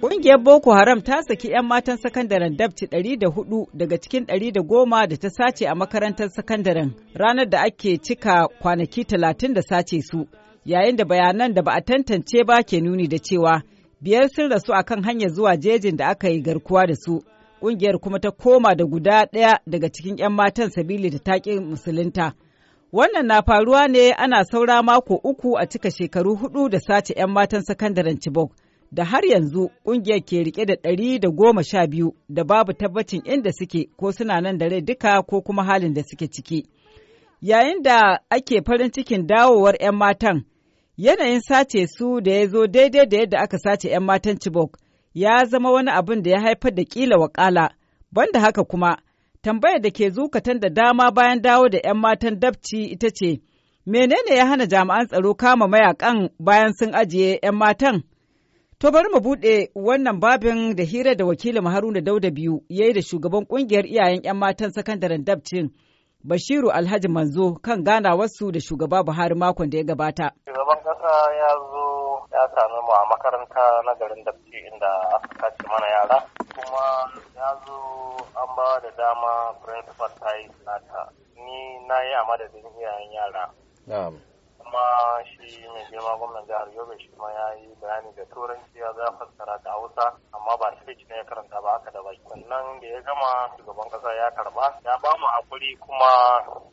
Ƙungiyar Boko Haram ta saki 'yan matan sakandaren dabci 104 daga cikin 110 da ta sace a makarantar sakandaren ranar da ake cika kwanaki 30 da sace su, yayin da bayanan da ba a tantance ba ke nuni da cewa biyar sun rasu a kan hanyar zuwa jejin da aka yi garkuwa da su. Ƙungiyar kuma ta koma da guda ɗaya daga cikin 'yan matan sabili da taƙi musulunta. Wannan na faruwa ne ana saura mako uku a cika shekaru hudu da sace 'yan matan sakandaren Chibok. da har yanzu kungiyar ke rike da ɗari da goma sha biyu da babu tabbacin inda suke ko suna nan da rai duka ko kuma halin da suke ciki. Yayin da ake farin cikin dawowar 'yan matan, yanayin sace su da ya zo daidai da yadda aka sace 'yan matan Chibok ya zama wani abin da ya haifar da kila wakala, banda haka kuma, tambayar da ke zukatan da dama bayan dawo da 'yan matan dabci ita ce, menene ya hana jami'an tsaro kama mayakan bayan sun ajiye 'yan matan? To bari mu buɗe wannan babin da hira da wakilin Haruna Dauda biyu ya yi da shugaban ƙungiyar iyayen 'yan matan sakandaren Dabcin Bashiru Alhaji Manzo kan wasu da shugaba Buhari makon da ya gabata. Shugaban kasa ya zo ya sami mu a makaranta na garin Dabci inda aka kace mana yara kuma ya zo an ba da dama principal ta yi nata. Ni na yi a madadin iyayen yara. kuma shi mai girma gwamnan jihar yobe shi ma ya yi bayani da turanci ya za fassara da hausa amma ba speech ne ya karanta ba haka da baki sannan da ya gama shugaban kasa ya karba ya ba mu hakuri kuma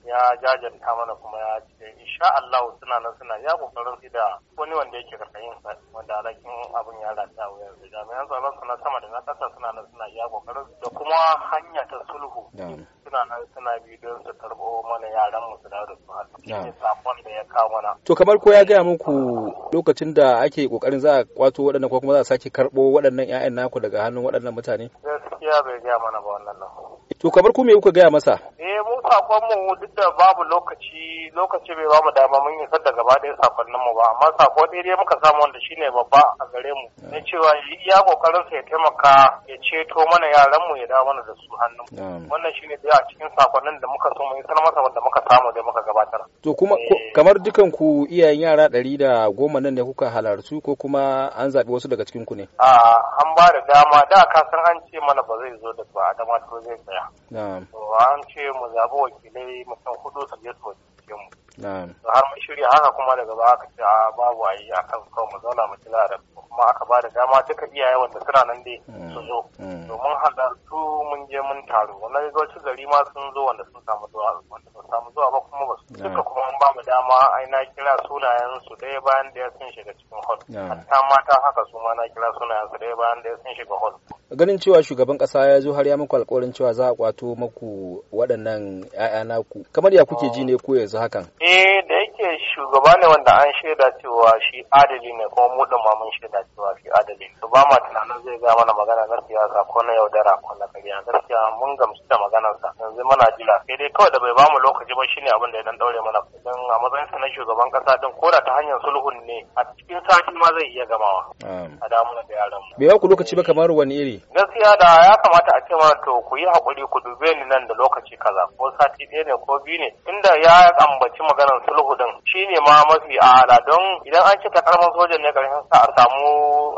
ya jajanta mana kuma ya ce insha Allah suna nan suna ya kokarin su da wani wanda yake karkashin sa wanda alakin abin ya rata wayar da jami'an tsaron suna sama da na kasa suna nan suna ya kokarin da kuma hanya ta sulhu suna nan suna bi don su karɓo mana yaran mu su da su haɗu. Sakon da ya kawo na. To kamar ko ya gaya muku lokacin da ake kokarin za a kwato waɗannan ko kuma za a sake karɓo waɗannan 'ya'yan naku daga hannun waɗannan mutane? Gaskiya bai gaya mana ba wannan nan. To kamar ku me kuka gaya masa? Eh mu sakon mu duk da babu lokaci lokaci bai ba mu dama mun yi da gaba ɗaya sakonnin mu ba amma sako ɗaya dai muka samu wanda shine babba a gare mu na cewa ya kokarin sa ya taimaka ya ceto mana yaran mu ya dawo mana da su hannun wannan shine dai a cikin sakonnin da muka so mu yi masa wanda muka samu da muka gabatar to kuma eh. kamar dukan ku iyayen yara ɗari da goma nan ne kuka halarci ko kuma an zaɓi wasu daga cikin ku ne a an ba da dama da ka san an ce mana ba zai zo da ba adama to zai tsaya an ce mu zaɓi wakilai mutum hudu su je cikin mu har mun shirya haka kuma daga ba aka ce a babu ayi akan kawai mu zauna mu kila da kuma aka ba da dama duka iyaye wanda suna nan dai su zo domin mm. halartu mun je mun taro wannan wasu gari ma sun zo wanda sun samu zuwa wanda ba samu zuwa ba kuma ba su duka kuma mun ba mu dama ai na kira sunayen su ɗaya bayan ɗaya sun shiga cikin hall hatta mata haka su ma na kira sunayen su ɗaya bayan ɗaya sun shiga hall ganin cewa shugaban kasa ya zo har ya muku alkawarin cewa za a kwato maku waɗannan 'ya'ya naku kamar ya kuke ji ne ko yanzu hakan eh shugaba ne wanda an shaida cewa shi adali ne kuma mu din mun shaida cewa shi adali ne ba ma tunanin zai ga mana magana na siyasa ko na yaudara ko na ƙarya gaskiya mun gamsu da maganarsa yanzu muna jira sai dai kawai da bai bamu lokaci ba shine abin da ya dan daure mana don a matsayin sa na shugaban kasa din ko da ta hanyar sulhun ne a cikin sati ma zai iya gamawa a damu da yaran mu bai ku lokaci ba kamar wani iri gaskiya da ya kamata a ce mana to ku yi hakuri ku dube ni nan da lokaci kaza ko sati ɗaya ne ko biyu ne tunda ya ambaci maganar sulhu din shi ne ma mafi ala don idan an cika karamin sojan ne karshen sa a samu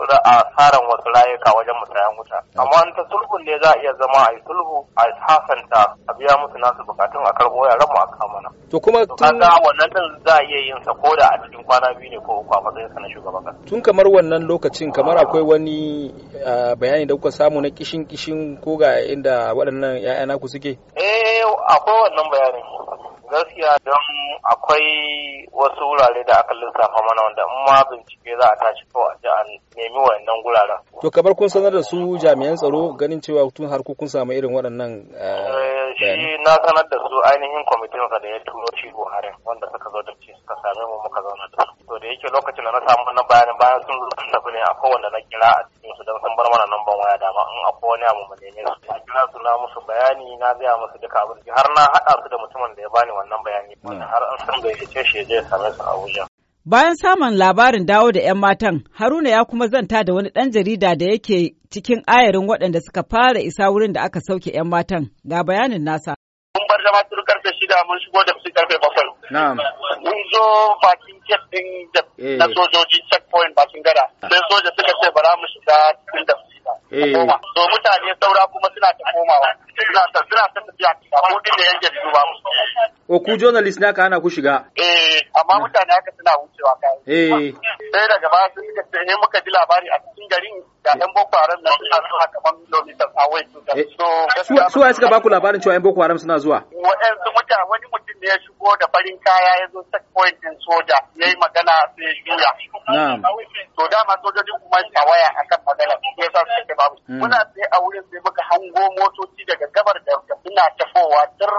asaran wasu rayuka wajen mutayen wuta amma ta sulhun ne za a iya zama a yi sulhu a hasanta a biya musu nasu bukatun a karɓo yaran mu a kamana. to kuma tun wannan din za a iya yin sa ko da a cikin kwana biyu ne ko uku a matsayin sa na shugaban kasa. tun kamar wannan lokacin kamar akwai wani bayani da kuka samu na kishin kishin ko ga inda waɗannan 'ya'ya naku suke. eh akwai wannan bayanin gaskiya don akwai wasu wurare da aka lissafa mana wanda in ma bincike za a tashi ko a ji a nemi wayannan guraren. To kamar kun sanar da su jami'an tsaro ganin cewa tun har kun samu irin waɗannan eh, shi na sanar da su ainihin kwamitin da ya turo shi Buhari wanda suka zo da ce suka same mu muka zauna da su. to da yake lokacin da na samu wannan bayanin bayan sun zo sun tafi ne a kowanne na kira a cikin su don sun bar mana nan waya dama in akwai wani abu mu neme su na kira su na musu bayani na gaya musu duka abin har na haɗa su da mutumin da ya bani wannan bayani har an san fice shi ya same su a Abuja. Bayan samun labarin dawo da 'yan matan, Haruna ya kuma zanta da wani ɗan jarida da yake cikin ayarin waɗanda suka fara isa wurin da aka sauke 'yan matan ga bayanin nasa. mun bar zama tur karfe shida mun shigo da su karfe bakwai. Mun zo bakin jet din eh. na sojoji checkpoint bakin gara Sai soja suka ce bara mu shiga cikin da eh. koma. To mutane saura kuma suna ta komawa. Suna ta suna ta tafiya a kudin da yan jaridu ba O oh, ku journalist na ka ana ku shiga. Eh amma mutane haka suna wucewa kai. Eh. Sai daga baya sun ce ne eh, muka ji labari a cikin garin ga yan boko haram nan suna zuwa kamar kilomitan away to eh, so su wa suka baku labarin cewa yan boko haram suna zuwa wa'ansu mutane wani mutum ne ya shigo da farin kaya ya zo checkpoint din soja ya yi magana sai juya to dama sojojin kuma shawaya akan magana ya sa ke babu hmm. muna sai a wurin sai muka hango motoci daga gabar da suna tafowa dir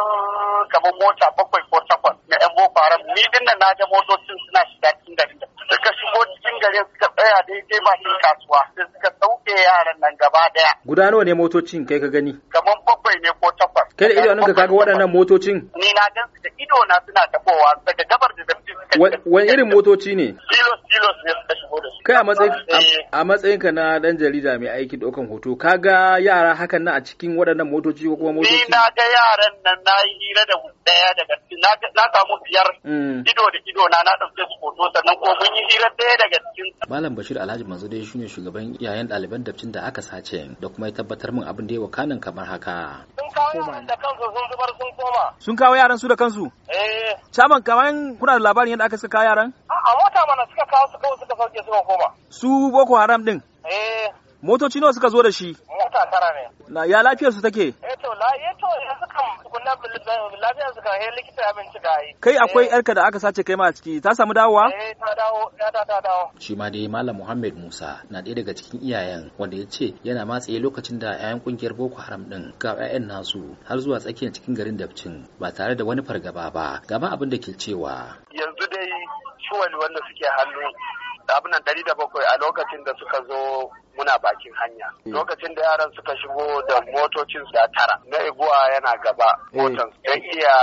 kamar mota bakwai ko takwas na yan boko haram ni din nan na ga motocin suna shiga cikin garin suka shigo cikin garin suka tsaya daidai bakin kasuwa sai suka cire yaran nan gaba daya. Guda nawa ne motocin kai ka gani? Kamar bakwai ne ko takwas. Kai da ka kaga waɗannan motocin? Ni na gan su da ido na suna tafowa daga gabar da wani irin motoci ne kai a matsayin eh. ka na dan jarida mai aikin ɗaukan hoto ka ga yara hakan na a cikin waɗannan motoci ko kuma motoci ni na ga yaran nan na yi hira da daya daga cikin, na samu biyar mm. ido da ido na na ɗauke su hoto sannan ko mun yi hira daya daga cikin malam bashir alhaji manzo dai shine shugaban iyayen ɗaliban dabcin da aka sace da kuma ya tabbatar min abin da ya wakanin kamar haka sun kawo yaran da kansu sun zubar sun koma sun kawo yaran su da kansu eh caman kaman kuna da labarin yadda aka suka kawo yaran? A mota mana suka kawo su su suka sauke suka koma. Su Boko Haram din? Eh. Motoci nawa suka zo da shi? Mota tara ne. Na ya lafiyar su take? Eh to la eh to yanzu kan kunna lafiyar su ga he eh, likita ya bincika yi. Kai eh. akwai yarka da aka sace kai ma a ciki ta samu dawowa? Eh ta dawo ya ta ta dawo. Shi ma dai Malam Muhammad Musa na ɗaya daga cikin iyayen wanda ya ce yana matsaye lokacin da 'ya'yan kungiyar Boko Haram din ga 'ya'yan nasu har zuwa tsakiyar cikin garin Dabcin ba tare da wani fargaba ba. gaba abin da ke cewa. Yanzu dai wani wanda suke hannu abin nan 107 a lokacin da suka zo muna bakin hanya hmm. lokacin da yaran suka shigo da motocin da tara na iguwa yana gaba hmm. motan Ya iya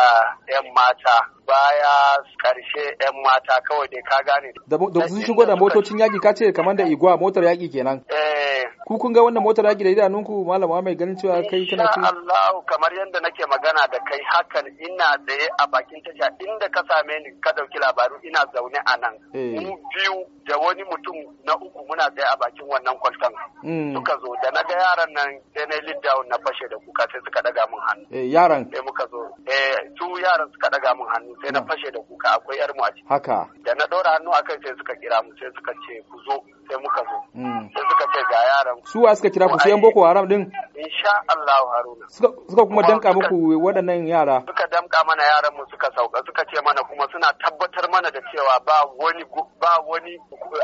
yan mata baya karshe yan mata kawai dai ka gane da sun shigo da motocin yaki ka ce kamar da igwa motar yaki kenan eh. ku kun ga wannan motar yaki da idanunku malama mai ganin cewa kai kana ci. Allah kamar yadda nake magana da kai hakan ina tsaye a bakin tasha inda ka same ni ka dauki labaru ina zaune a nan eh. mu biyu da wani mutum na uku muna tsaye a bakin wannan kwaltan hmm. suka zo da na ga yaran nan sai na lead down na fashe da kuka sai suka daga mun hannu eh yaran sai muka zo eh su yaran suka daga mun hannu sai na ah. fashe da kuka akwai yar mu a ciki haka da na ɗora hannu akan sai suka kira mu sai suka ce ku zo sai muka zo mm. sai suka ce ga yaran su wa suka kira ku sai yan boko haram din insha Allah Haruna suka kuma danka muku waɗannan yara suka danka mana yaran mu suka sauka suka ce mana kuma suna tabbatar mana da cewa ba wani ba wani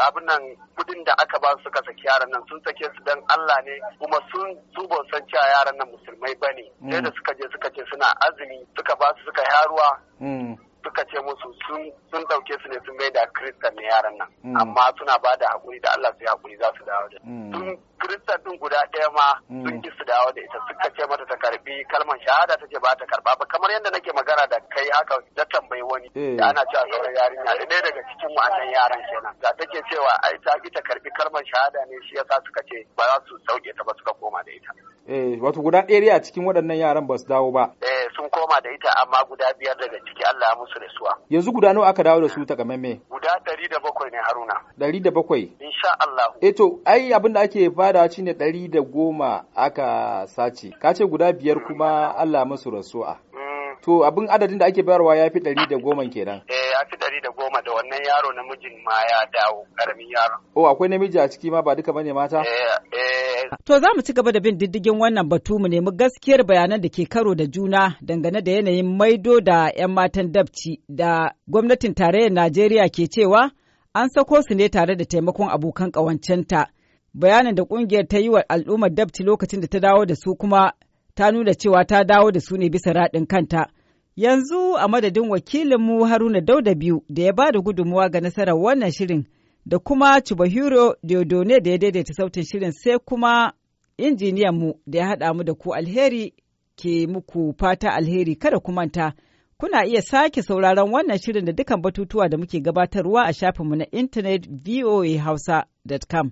abin nan kudin da aka ba suka saki yaran nan sun sake su dan Allah ne kuma sun su ban san cewa yaran nan musulmai bane mm. sai da suka je suka ce suna azumi suka ba su suka yaruwa mm. suka ce musu sun ɗauke su ne sun mai da kristan ne yaran nan mm. amma suna ba da hakuri da Allah su hakuri za su dawo da kirista din guda ɗaya ma mm. sun ki su dawo da ita suka ce mata ta karbi kalmar shahada ta ce ba ta karba ba kamar yadda nake magana da kai haka da tambayi wani eh. da ana cewa sauran yarinya da ɗaya daga cikin wa'annan yaran kenan da ke cewa ai ta ki ta karbi kalmar shahada ne shi yasa suka ce ba za su sauke ta ba suka koma da ita. Eh wato guda ɗaya a cikin waɗannan yaran ba su dawo ba. Eh sun koma da ita amma guda biyar daga ciki Allah ya musu rasuwa. Yanzu guda nawa aka dawo da su takamaimai? Guda ɗari da bakwai ne Haruna. Ɗari da bakwai. Insha Allah. Eh to ai abin da ake fada guda shi ne ɗari da goma aka sace ka ce guda biyar kuma Allah masu rasu'a eh. to abin adadin da ake bayarwa ya fi ɗari da goma kenan eh ya fi ɗari da goma da wannan yaro namijin ma ya dawo ƙaramin yaro. oh akwai namiji a ciki ma ba duka bane mata eh, eh. To za mu ci gaba da bin diddigin wannan batu mu nemi gaskiyar bayanan da ke karo da juna dangane da yanayin maido da 'yan matan dabci da gwamnatin tarayyar Najeriya ke cewa an sako su ne tare da taimakon abokan ƙawancenta. bayanin da kungiyar ta yi wa al'ummar dabti lokacin da ta dawo da su kuma ta nuna cewa ta dawo da su ne bisa raɗin kanta yanzu a madadin wakilinmu haruna dauda biyu da ya ba da gudunmuwa ga nasarar wannan shirin da kuma Chubahiro Diodone da ya daidaita sautin shirin sai kuma injiniyanmu da ya haɗa mu da ku alheri ke muku fata alheri kada ku manta. Kuna iya sake sauraron wannan shirin da dukan batutuwa da muke gabatarwa a shafinmu na intanet voahausa.com.